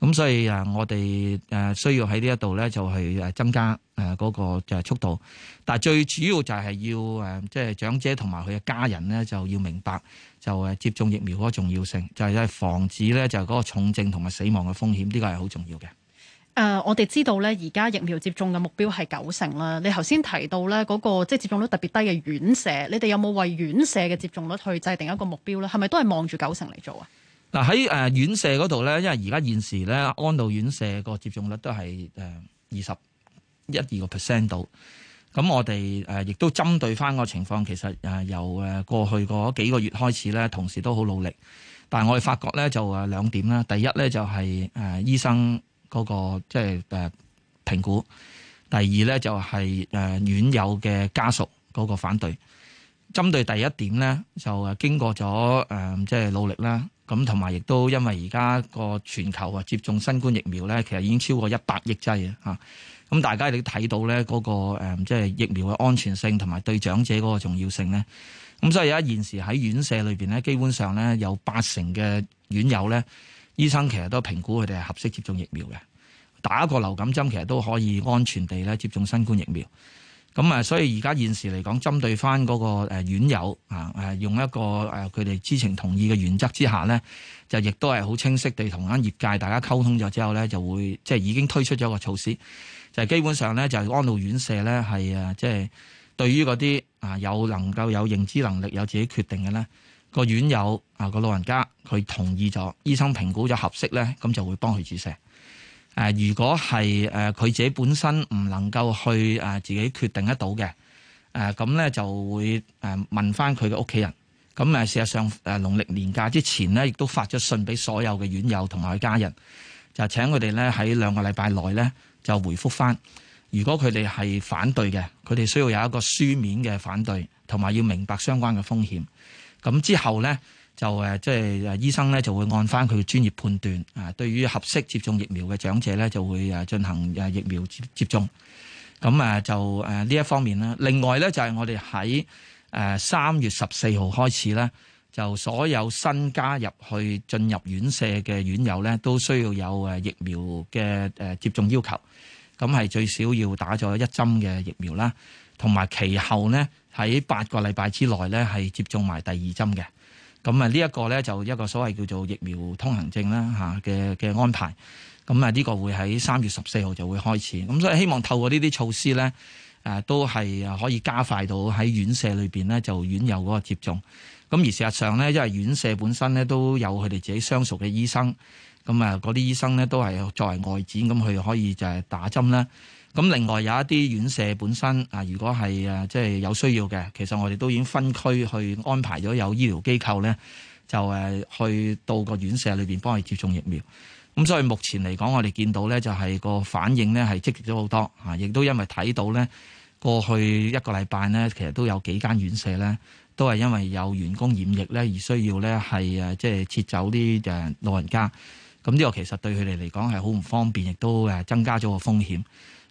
S2: 咁所以誒，我哋誒需要喺呢一度咧，就係誒增加誒個個誒速度。但係最主要就係要誒，即係長者同埋佢嘅家人咧，就要明白就誒接種疫苗嗰個重要性，就係、是、防止咧就嗰個重症同埋死亡嘅風險呢、這個係好重要嘅。誒、
S1: 呃，我哋知道咧，而家疫苗接種嘅目標係九成啦。你頭先提到咧、那、嗰個即係、就是、接種率特別低嘅院舍，你哋有冇為院舍嘅接種率去制定一個目標咧？係咪都係望住九成嚟做啊？
S2: 嗱，喺誒院舍嗰度咧，因為而家現時咧安老院舍個接種率都係誒二十一二個 percent 度。咁我哋誒亦都針對翻個情況，其實誒由誒過去嗰幾個月開始咧，同時都好努力。但係我哋發覺咧就誒兩點啦，第一咧就係誒醫生嗰個即係誒評估，第二咧就係誒院友嘅家屬嗰個反對。針對第一點咧，就誒經過咗誒即係努力啦。咁同埋亦都因為而家個全球啊接種新冠疫苗咧，其實已經超過一百億劑啊！咁大家你睇到咧嗰個誒，即係疫苗嘅安全性同埋對長者嗰個重要性咧。咁所以而家現時喺院舍裏面咧，基本上咧有八成嘅院友咧，醫生其實都評估佢哋係合適接種疫苗嘅。打一個流感針其實都可以安全地咧接種新冠疫苗。咁啊，所以而家現時嚟講，針對翻嗰個院友啊，用一個誒佢哋知情同意嘅原則之下咧，就亦都係好清晰地同啱業界大家溝通咗之後咧，就會即係、就係、已經推出咗個措施，就係、基本上咧就係、安老院舍咧係即係對於嗰啲啊有能夠有認知能力、有自己決定嘅咧，個院友啊、個老人家佢同意咗，醫生評估咗合適咧，咁就會幫佢注射。誒，如果係誒佢自己本身唔能夠去誒自己決定得到嘅，誒咁咧就會誒問翻佢嘅屋企人。咁誒事實上誒農曆年假之前咧，亦都發咗信俾所有嘅院友同埋佢家人，就請佢哋咧喺兩個禮拜內咧就回覆翻。如果佢哋係反對嘅，佢哋需要有一個書面嘅反對，同埋要明白相關嘅風險。咁之後咧。就誒，即係誒醫生咧，就會按返佢嘅專業判斷，啊，對於合適接種疫苗嘅長者咧，就會誒進行誒疫苗接接種。咁啊，就誒呢一方面啦。另外咧，就係我哋喺誒三月十四號開始咧，就所有新加入去進入院舍嘅院友咧，都需要有誒疫苗嘅誒接種要求。咁係最少要打咗一針嘅疫苗啦，同埋其後咧喺八個禮拜之內咧，係接種埋第二針嘅。咁啊，呢一個咧就一個所謂叫做疫苗通行證啦，嘅嘅安排。咁啊，呢個會喺三月十四號就會開始。咁所以希望透過呢啲措施咧，誒都係可以加快到喺院舍裏面咧就院友嗰個接種。咁而事實上咧，因為院舍本身咧都有佢哋自己相熟嘅醫生，咁啊嗰啲醫生咧都係作為外展，咁佢可以就係打針啦。咁另外有一啲院舍本身啊，如果係誒即係有需要嘅，其實我哋都已經分區去安排咗有醫療機構咧，就誒去到個院舍裏邊幫佢接種疫苗。咁所以目前嚟講，我哋見到咧就係個反應咧係積極咗好多啊！亦都因為睇到咧過去一個禮拜咧，其實都有幾間院舍咧都係因為有員工染疫咧而需要咧係誒即係撤走啲誒老人家。咁呢個其實對佢哋嚟講係好唔方便，亦都誒增加咗個風險。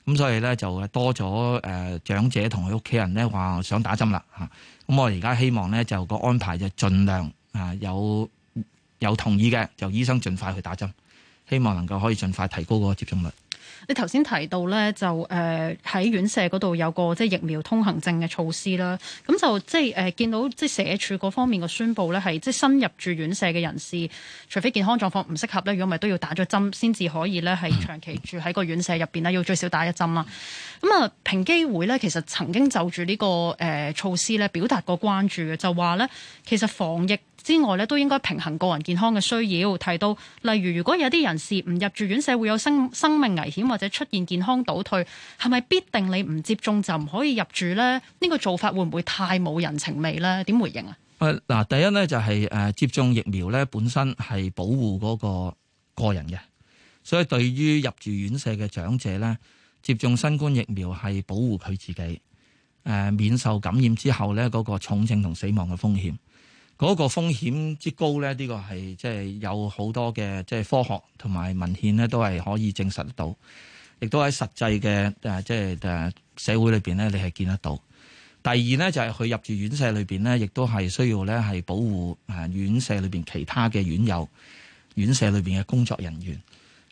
S2: 咁所以咧就多咗誒、呃、長者同佢屋企人咧話想打針啦吓，咁、啊、我而家希望咧就個安排就盡量啊有有同意嘅，就醫生盡快去打針，希望能夠可以盡快提高個接種率。
S1: 你頭先提到咧，就誒喺、呃、院舍嗰度有個即係疫苗通行證嘅措施啦，咁就即係誒見到即社署嗰方面嘅宣佈咧，係即新入住院舍嘅人士，除非健康狀況唔適合咧，如果唔係都要打咗針先至可以咧，係長期住喺個院舍入面咧，要最少打一針啦。咁啊、呃，平機會咧，其實曾經就住呢、這個誒、呃、措施咧表達過關注嘅，就話咧其實防疫之外咧，都應該平衡個人健康嘅需要。提到例如，如果有啲人士唔入住院舍，會有生生命危險或者出現健康倒退，係咪必定你唔接種就唔可以入住呢？呢、呢個做法會唔會太冇人情味呢？點回應啊？
S2: 嗱，第一呢，就係、係、誒接種疫苗咧，本身係保護嗰個個人嘅，所以對於入住院舍嘅長者呢，接種新冠疫苗係保護佢自己，誒免受感染之後呢嗰、嗰個重症同死亡嘅風險。嗰個風險之高咧，呢個係即係有好多嘅即係科學同埋文獻咧，都係可以證實得到，亦都喺實際嘅即係社會裏面咧，你係見得到。第二咧就係佢入住院舍裏面咧，亦都係需要咧係保護院舍裏面其他嘅院友、院舍裏面嘅工作人員。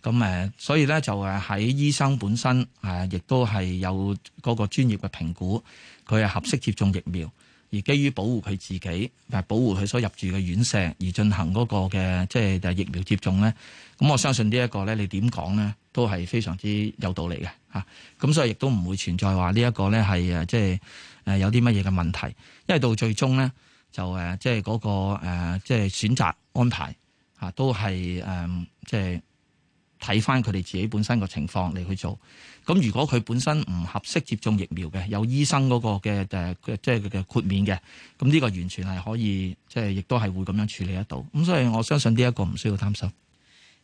S2: 咁誒，所以咧就誒喺醫生本身誒，亦都係有嗰個專業嘅評估，佢係合適接種疫苗。而基於保護佢自己，同保護佢所入住嘅院舍，而進行嗰個嘅即係疫苗接種咧，咁我相信這個呢一個咧，你點講咧，都係非常之有道理嘅嚇。咁、啊、所以亦都唔會存在話呢一個咧係誒，即係誒有啲乜嘢嘅問題，因為到最終咧就誒，即係嗰個即係、啊即係、選擇安排嚇、啊、都係誒，即、啊、係。即係睇翻佢哋自己本身個情況嚟去做，咁如果佢本身唔合適接種疫苗嘅，有醫生嗰個嘅誒，即係佢嘅豁免嘅，咁呢個完全係可以，即係亦都係會咁樣處理得到。咁所以我相信呢一個唔需要擔心。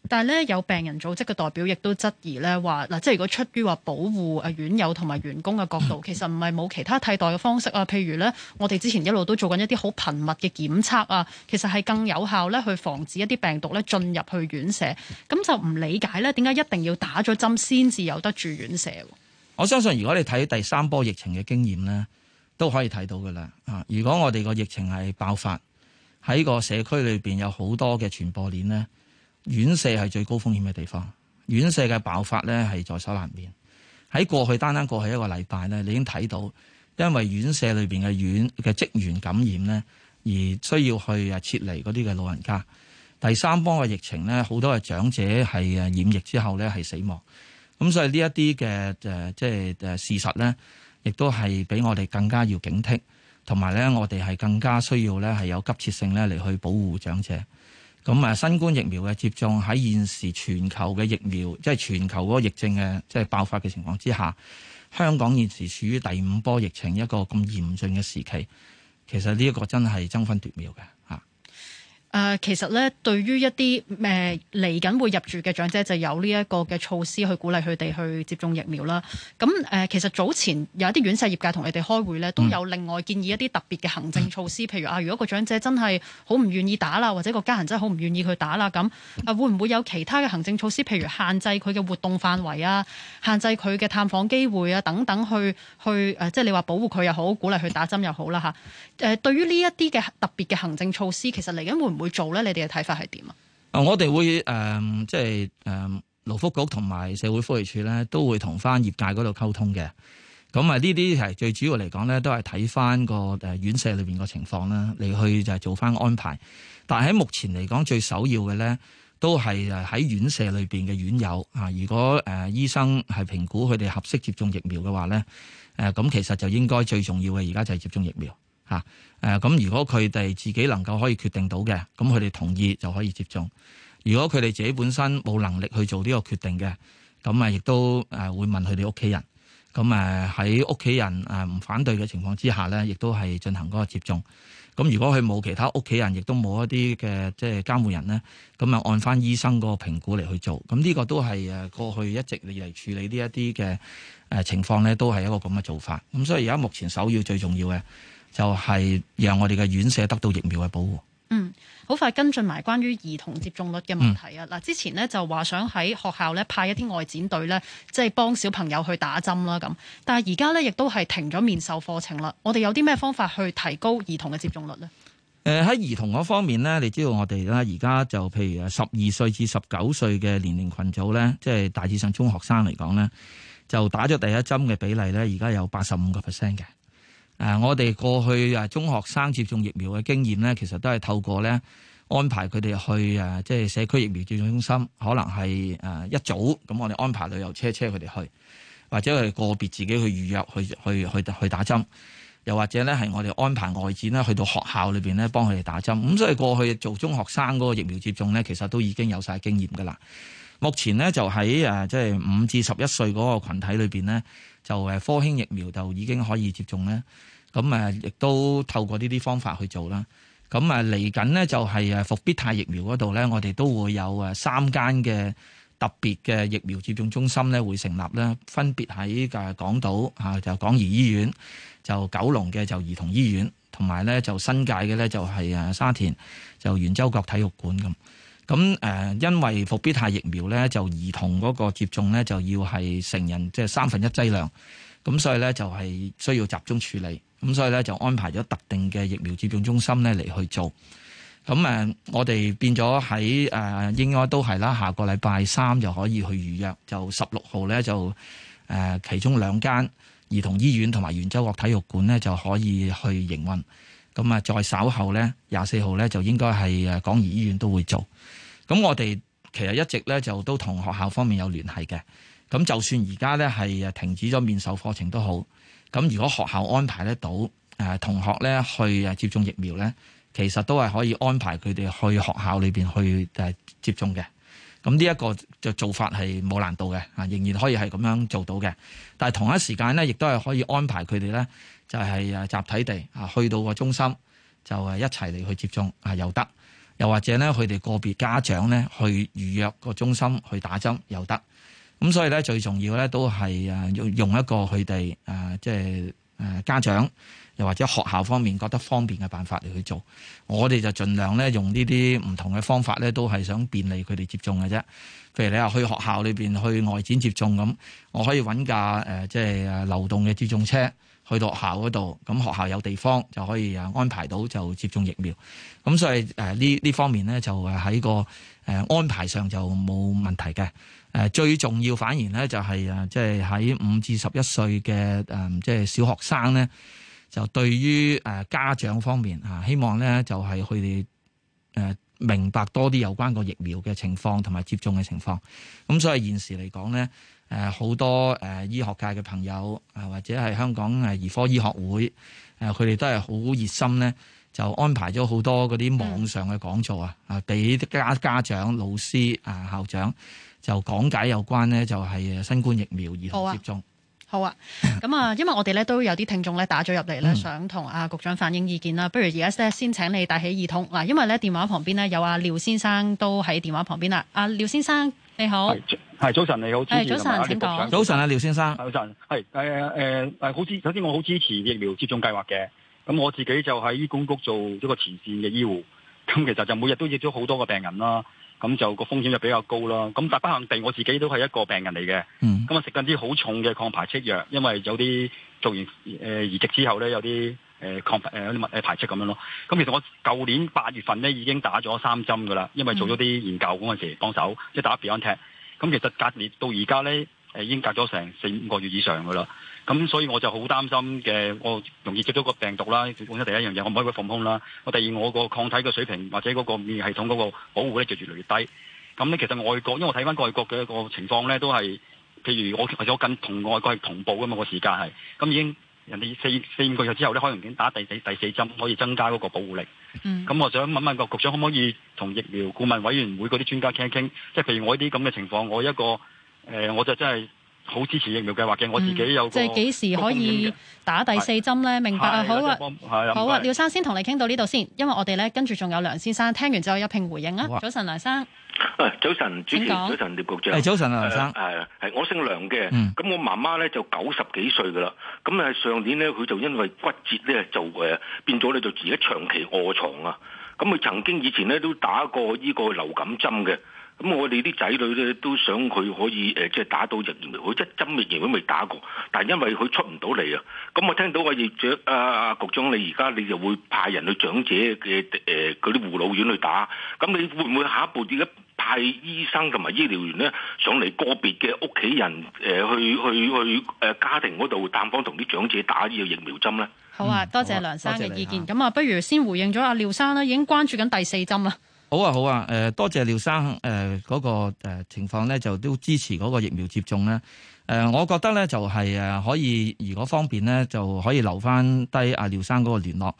S1: 但係咧，有病人組織嘅代表亦都質疑咧，話嗱，即係如果出於話保護啊院友同埋員工嘅角度，其實唔係冇其他替代嘅方式啊。譬如咧，我哋之前一路都做緊一啲好頻密嘅檢測啊，其實係更有效咧去防止一啲病毒咧進入去院舍。咁就唔理解咧，點解一定要打咗針先至有得住院舍？
S2: 我相信如果你睇第三波疫情嘅經驗咧，都可以睇到噶啦。啊，如果我哋個疫情係爆發喺個社區裏面有好多嘅傳播鏈咧。院舍係最高風險嘅地方，院舍嘅爆發咧係在所難免。喺過去單單過去一個禮拜咧，你已經睇到，因為院舍裏邊嘅院嘅職員感染咧，而需要去啊撤離嗰啲嘅老人家。第三波嘅疫情咧，好多嘅長者係誒染疫之後咧係死亡。咁所以呢一啲嘅誒即係誒事實咧，亦都係俾我哋更加要警惕，同埋咧我哋係更加需要咧係有急切性咧嚟去保護長者。咁啊，新冠疫苗嘅接種喺現時全球嘅疫苗，即係全球嗰個疫症嘅即係爆發嘅情況之下，香港現時處於第五波疫情一個咁嚴峻嘅時期，其實呢一個真係爭分奪秒嘅嚇。
S1: 誒、呃、其實咧，對於一啲誒嚟緊會入住嘅長者，就有呢一個嘅措施去鼓勵佢哋去接種疫苗啦。咁、呃、其實早前有一啲院舍業界同你哋開會呢，都有另外建議一啲特別嘅行政措施，譬如啊，如果個長者真係好唔願意打啦，或者個家人真係好唔願意去打啦，咁會會唔會有其他嘅行政措施，譬如限制佢嘅活動範圍啊，限制佢嘅探訪機會啊，等等去去、呃、即係你話保護佢又好，鼓勵佢打針又好啦嚇。誒、啊，對於呢一啲嘅特別嘅行政措施，其實嚟緊會唔會？
S2: 會做咧？你哋嘅睇法係點啊？啊、哦，我哋會誒、呃，即係誒、呃，勞福局同埋社會福利署咧，都會同翻業界嗰度溝通嘅。咁啊，呢啲係最主要嚟講咧，都係睇翻個誒院舍裏邊個情況啦。你去就係做翻安排。但係喺目前嚟講，最首要嘅咧，都係誒喺院舍裏邊嘅院友啊。如果誒、呃、醫生係評估佢哋合適接種疫苗嘅話咧，誒、呃、咁其實就應該最重要嘅，而家就係接種疫苗。嚇誒咁，如果佢哋自己能夠可以決定到嘅，咁佢哋同意就可以接種。如果佢哋自己本身冇能力去做呢個決定嘅，咁啊亦都誒會問佢哋屋企人。咁誒喺屋企人誒唔反對嘅情況之下咧，亦都係進行嗰個接種。咁如果佢冇其他屋企人，亦都冇一啲嘅即係監護人咧，咁啊按翻醫生嗰個評估嚟去做。咁呢個都係誒過去一直以嚟處理呢一啲嘅誒情況咧，都係一個咁嘅做法。咁所以而家目前首要最重要嘅。就係讓我哋嘅院舍得到疫苗嘅保護。嗯，
S1: 好快跟進埋關於兒童接種率嘅問題啊！嗱、嗯，之前咧就話想喺學校咧派一啲外展隊咧，即係幫小朋友去打針啦咁。但係而家咧亦都係停咗面授課程啦。我哋有啲咩方法去提高兒童嘅接種率呢？
S2: 誒、呃，喺兒童嗰方面呢，你知道我哋啦，而家就譬如誒十二歲至十九歲嘅年齡群組咧，即係大致上中學生嚟講咧，就打咗第一針嘅比例咧，而家有八十五個 percent 嘅。誒、啊，我哋過去誒中學生接種疫苗嘅經驗咧，其實都係透過咧安排佢哋去誒、啊，即係社區疫苗接種中心，可能係誒、啊、一早咁，我哋安排旅遊車車佢哋去，或者佢哋個別自己去預約去去去去打針，又或者咧係我哋安排外展咧去到學校裏邊咧幫佢哋打針。咁所以過去做中學生嗰個疫苗接種咧，其實都已經有晒經驗噶啦。目前咧就喺誒即係五至十一歲嗰個羣體裏邊咧，就誒、啊、科興疫苗就已經可以接種咧。咁誒，亦都透過呢啲方法去做啦。咁啊，嚟緊呢就係復必泰疫苗嗰度咧，我哋都會有三間嘅特別嘅疫苗接種中心咧，會成立咧，分別喺港島就港怡醫院；就九龍嘅就兒童醫院，同埋咧就新界嘅咧就係沙田就圓洲角體育館咁。咁因為復必泰疫苗咧就兒童嗰個接種咧就要係成人即係、就是、三分一劑量，咁所以咧就係需要集中處理。咁所以咧就安排咗特定嘅疫苗接種中心咧嚟去做，咁誒，我哋變咗喺誒應該都係啦，下個禮拜三就可以去預約，就十六號咧就誒、呃、其中兩間兒童醫院同埋圓洲角體育館咧就可以去營運。咁啊再稍後咧廿四號咧就應該係誒廣華醫院都會做，咁我哋其實一直咧就都同學校方面有聯繫嘅，咁就算而家咧係停止咗面授課程都好。咁如果學校安排得到，同學咧去接種疫苗咧，其實都係可以安排佢哋去學校裏面去接種嘅。咁呢一個就做法係冇難度嘅，啊仍然可以係咁樣做到嘅。但係同一時間咧，亦都係可以安排佢哋咧，就係集體地啊去到個中心，就係一齊嚟去接種啊又得。又或者咧，佢哋個別家長咧去預約個中心去打針又得。咁所以咧，最重要咧，都係誒，用用一個佢哋誒，即係誒家長，又或者學校方面覺得方便嘅辦法嚟去做。我哋就盡量咧，用呢啲唔同嘅方法咧，都係想便利佢哋接種嘅啫。譬如你話去學校裏邊去外展接種咁，我可以揾架誒，即係誒流動嘅接種車去到學校嗰度，咁學校有地方就可以誒安排到就接種疫苗。咁所以誒呢呢方面咧，就喺個誒安排上就冇問題嘅。誒最重要，反而咧就係啊，即係喺五至十一歲嘅誒，即係小學生咧，就對於誒家長方面啊，希望咧就係佢哋誒明白多啲有關個疫苗嘅情況同埋接種嘅情況。咁所以現時嚟講咧，誒好多誒醫學界嘅朋友啊，或者係香港誒兒科醫學會誒，佢哋都係好熱心咧，就安排咗好多嗰啲網上嘅講座啊，啊俾家家長、老師啊、校長。就講解有關呢，就係新冠疫苗以及接種
S1: 好、啊。好啊，咁啊，因為我哋咧都有啲聽眾咧打咗入嚟咧， 想同阿局長反映意見啦。不如而家先請請你帶起耳筒嗱，因為咧電話旁邊咧有阿廖先生都喺電話旁邊啦。阿、啊、廖先生你好，
S3: 係早晨，你好，早晨，早晨，早晨。早晨，係誒誒，係好支，首先我好支持疫苗接種計劃嘅。咁我自己就喺醫管局做一個前線嘅醫護，咁其實就每日都疫咗好多個病人啦。咁就個風險就比較高咯。咁但不幸地，我自己都係一個病人嚟嘅。咁啊、嗯，食緊啲好重嘅抗排斥藥，因為有啲做完誒、呃、移植之後咧，有啲、呃、抗、呃、排斥啲乜咁樣咯。咁其實我舊年八月份咧已經打咗三針㗎啦，因為做咗啲研究嗰陣時幫手，即係、就是、打 BioNTech 咁其實隔年到而家咧。已經隔咗成四五個月以上噶啦，咁所以我就好擔心嘅，我容易接觸個病毒啦。本身第一樣嘢，我唔可以放空啦。我第二，我個抗體嘅水平或者嗰個免疫系統嗰個保護力就越嚟越低。咁咧其實外國，因為我睇翻外國嘅一個情況咧，都係譬如我我近同外國係同步嘅嘛，個時間係咁已經人哋四四五個月之後咧，可能已經打第四第四針，可以增加嗰個保護力。咁、嗯、我想問問個局長，可唔可以同疫苗顧問委員會嗰啲專家傾一傾？即係譬如我呢啲咁嘅情況，我一個。誒，我就真係好支持疫苗計劃嘅。我自己有。即係幾時可以
S1: 打第四針咧？明白啊，好啊，好啊。廖生先同你傾到呢度先，因為我哋咧跟住仲有梁先生，聽完之後一併回應啊。早晨，梁生。
S3: 早晨，主持，早晨，聶局長。誒，早晨啊，梁生。係係，我姓梁嘅。咁我媽媽咧就九十幾歲噶啦。咁喺上年咧，佢就因為骨折咧，就誒變咗咧，就自己長期臥床啊。咁佢曾經以前咧都打過呢個流感針嘅。咁我哋啲仔女咧都想佢可以誒、呃，即係打到疫苗，佢一針疫苗未打過，但係因為佢出唔到嚟啊！咁我聽到阿葉長啊，阿、啊、局長，你而家你就會派人去長者嘅誒嗰啲護老院去打，咁你會唔會下一步而家派醫生同埋醫療員咧上嚟個別嘅屋企人誒、呃、去去去誒、啊、家庭嗰度，探訪同啲長者打呢個疫苗針咧、
S1: 嗯？好啊，多謝,謝梁生嘅意見。咁啊，不如先回應咗阿廖生啦，已經關注緊第四針啦。
S2: 好啊，好啊，誒多謝廖生，誒、呃、嗰、嗰個情況咧就都支持嗰個疫苗接種咧。誒、呃，我覺得咧就係、是、誒可以，如果方便咧就可以留翻低阿廖生嗰個聯絡，誒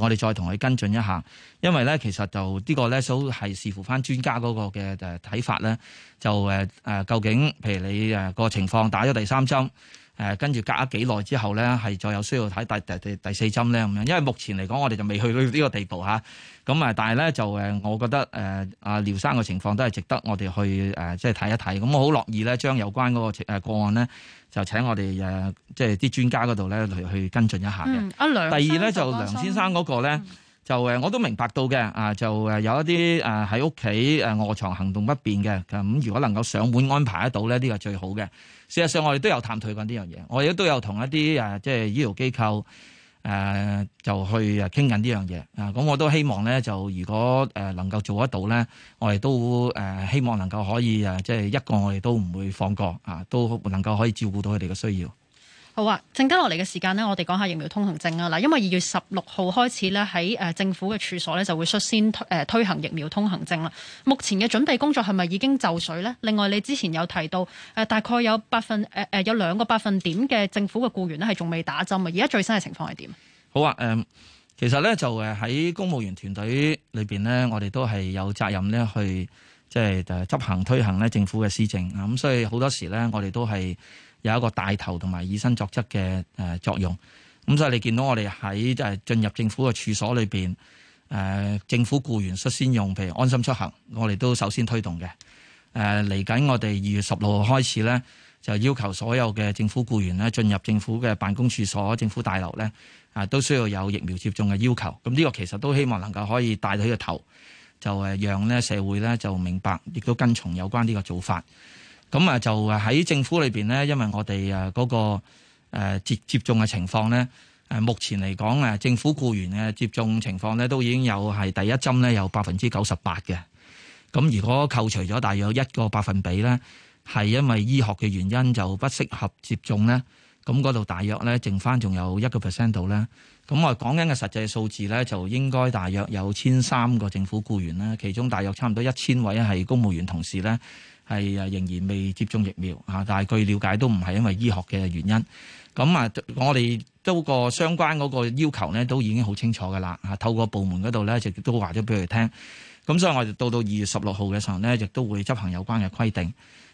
S2: 我哋再同佢跟進一下，因為咧其實就、這個、呢個咧都係視乎翻專家嗰個嘅誒睇法咧，就誒誒、呃、究竟譬如你誒個情況打咗第三針。誒跟住隔咗幾耐之後咧，係再有需要睇第第第第四針咧咁樣，因為目前嚟講，我哋就未去到呢個地步嚇。咁啊，但係咧就我覺得誒阿、呃啊、廖生嘅情況都係值得我哋去誒、呃，即係睇一睇。咁我好樂意咧，將有關嗰、那個誒個案咧，就請我哋誒、呃，即係啲專家嗰度咧去去跟進一下嘅。
S1: 嗯、梁第二咧就梁先生
S2: 嗰個咧。嗯就我都明白到嘅，啊就有一啲喺屋企誒卧牀行動不便嘅，咁如果能夠上門安排得到咧，呢個最好嘅。事實上我哋都有探討緊呢樣嘢，我亦都有同一啲即係醫療機構、呃、就去傾緊呢樣嘢，啊咁我都希望咧就如果能夠做得到咧，我哋都希望能夠可以即係、就是、一個我哋都唔會放過，啊都能夠可以照顧到佢哋嘅需要。
S1: 好啊！剩低落嚟嘅時間呢，我哋講下疫苗通行證啊啦。因為二月十六號開始咧，喺政府嘅處所咧就會率先推行疫苗通行證啦。目前嘅準備工作係咪已經就水呢？另外，你之前有提到大概有百分有兩個百分點嘅政府嘅僱員呢，係仲未打針啊。而家最新嘅情況係點？
S2: 好啊，其實咧就喺公務員團隊裏面呢，我哋都係有責任咧去即係、就是、執行推行咧政府嘅施政啊。咁所以好多時咧，我哋都係。有一個帶頭同埋以身作則嘅誒作用，咁所以你見到我哋喺即係進入政府嘅處所裏邊，誒、呃、政府僱員率先用，譬如安心出行，我哋都首先推動嘅。誒嚟緊我哋二月十六號開始咧，就要求所有嘅政府僱員咧進入政府嘅辦公處所，政府大樓咧，啊、呃、都需要有疫苗接種嘅要求。咁呢個其實都希望能夠可以帶起個頭，就誒讓咧社會咧就明白，亦都跟從有關呢個做法。咁啊，就喺政府裏邊咧，因為我哋嗰、嗰個、呃、接接種嘅情況咧，目前嚟講政府雇員嘅接種情況咧，都已經有係第一針咧有百分之九十八嘅。咁如果扣除咗大約一個百分比咧，係因為醫學嘅原因就不適合接種咧，咁嗰度大約咧剩翻仲有一個 percent 度咧。咁我講緊嘅實際數字咧，就應該大約有千三個政府雇員啦，其中大約差唔多一千位係公務員同事咧。係啊，仍然未接種疫苗嚇，但係據了解都唔係因為醫學嘅原因。咁啊，我哋都個相關嗰個要求咧，都已經好清楚㗎啦嚇。透過部門嗰度咧，就都話咗俾佢哋聽。咁所以我哋到到二月十六號嘅時候咧，亦都會執行有關嘅規定。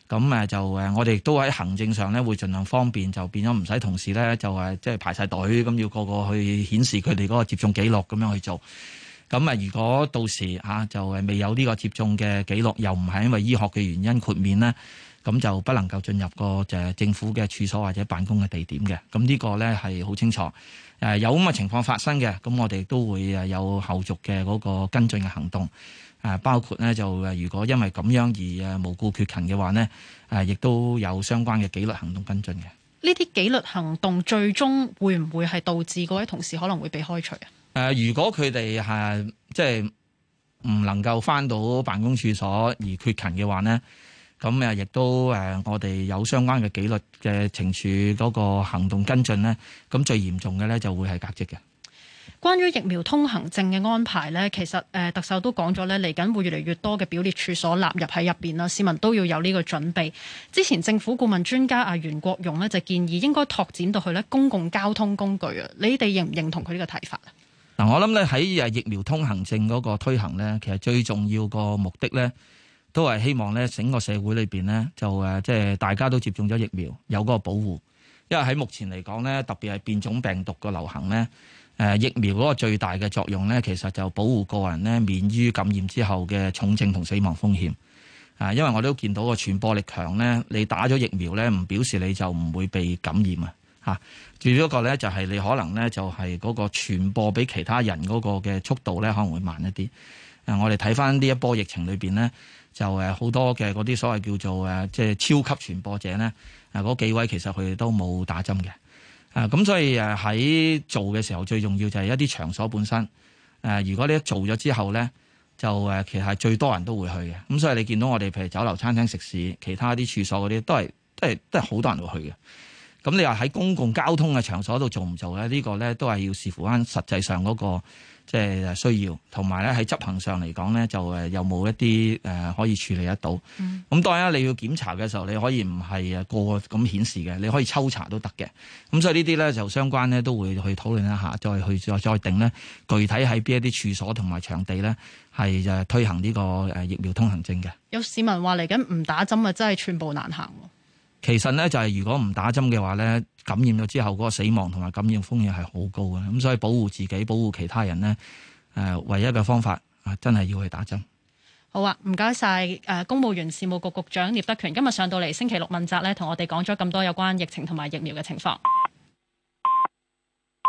S2: 咁啊就誒，我哋都喺行政上咧，會盡量方便，就變咗唔使同事咧，就誒即係排晒隊，咁要個個去顯示佢哋嗰個接種記錄咁樣去做。咁啊，如果到時嚇就係未有呢個接種嘅記錄，又唔係因為醫學嘅原因豁免呢，咁就不能夠進入個誒政府嘅處所或者辦公嘅地點嘅。咁呢個呢係好清楚。誒有咁嘅情況發生嘅，咁我哋都會誒有後續嘅嗰個跟進嘅行動。誒包括呢就誒，如果因為咁樣而誒無故缺勤嘅話呢，誒亦都有相關嘅紀律行動跟進嘅。
S1: 呢啲紀律行動最終會唔會係導致嗰位同事可能會被開除啊？
S2: 誒、呃，如果佢哋係即係唔能夠翻到辦公處所而缺勤嘅話呢，咁誒亦都誒、呃，我哋有相關嘅紀律嘅懲處嗰個行動跟進呢，咁最嚴重嘅呢，就會係革職嘅。
S1: 關於疫苗通行證嘅安排呢，其實誒、呃、特首都講咗呢，嚟緊會越嚟越多嘅表列處所納入喺入邊啦，市民都要有呢個準備。之前政府顧問專家阿袁國勇呢，就建議應該拓展到去呢，公共交通工具啊，你哋認唔認同佢呢個睇法？
S2: 嗱，我諗咧喺誒疫苗通行證嗰個推行咧，其實最重要個目的咧，都係希望咧整個社會裏邊咧就誒即係大家都接種咗疫苗，有嗰個保護。因為喺目前嚟講咧，特別係變種病毒個流行咧，誒疫苗嗰個最大嘅作用咧，其實就保護個人咧免於感染之後嘅重症同死亡風險。啊，因為我都見到個傳播力強咧，你打咗疫苗咧，唔表示你就唔會被感染啊。嚇，仲有一個咧就係你可能咧就係嗰個傳播俾其他人嗰個嘅速度咧可能會慢一啲。誒，我哋睇翻呢一波疫情裏邊咧，就誒好多嘅嗰啲所謂叫做誒即係超級傳播者咧，誒嗰幾位其實佢哋都冇打針嘅。誒咁所以誒喺做嘅時候最重要就係一啲場所本身。誒，如果你一做咗之後咧，就誒其實係最多人都會去嘅。咁所以你見到我哋譬如酒樓、餐廳、食肆，其他啲處所嗰啲都係都係都係好多人會去嘅。咁你話喺公共交通嘅場所度做唔做咧？這個、呢個咧都係要視乎翻實際上嗰個即係需要，同埋咧喺執行上嚟講咧就誒有冇一啲誒、呃、可以處理得到？咁、嗯、當然啦，你要檢查嘅時候，你可以唔係誒個個咁顯示嘅，你可以抽查都得嘅。咁所以呢啲咧就相關咧都會去討論一下，再去再再，再定咧具體喺邊一啲處所同埋場地咧係推行呢、呢個、呃、疫苗通行證嘅。
S1: 有市民話嚟緊唔打針啊，真係寸步難行。
S2: 其實咧，就係如果唔打針嘅話咧，感染咗之後嗰個死亡同埋感染風險係好高嘅，咁所以保護自己、保護其他人咧、呃，唯一嘅方法啊，真係要去打針。
S1: 好啊，唔該晒，公務員事務局局長聶德權今日上到嚟星期六問責咧，同我哋講咗咁多有關疫情同埋疫苗嘅情況。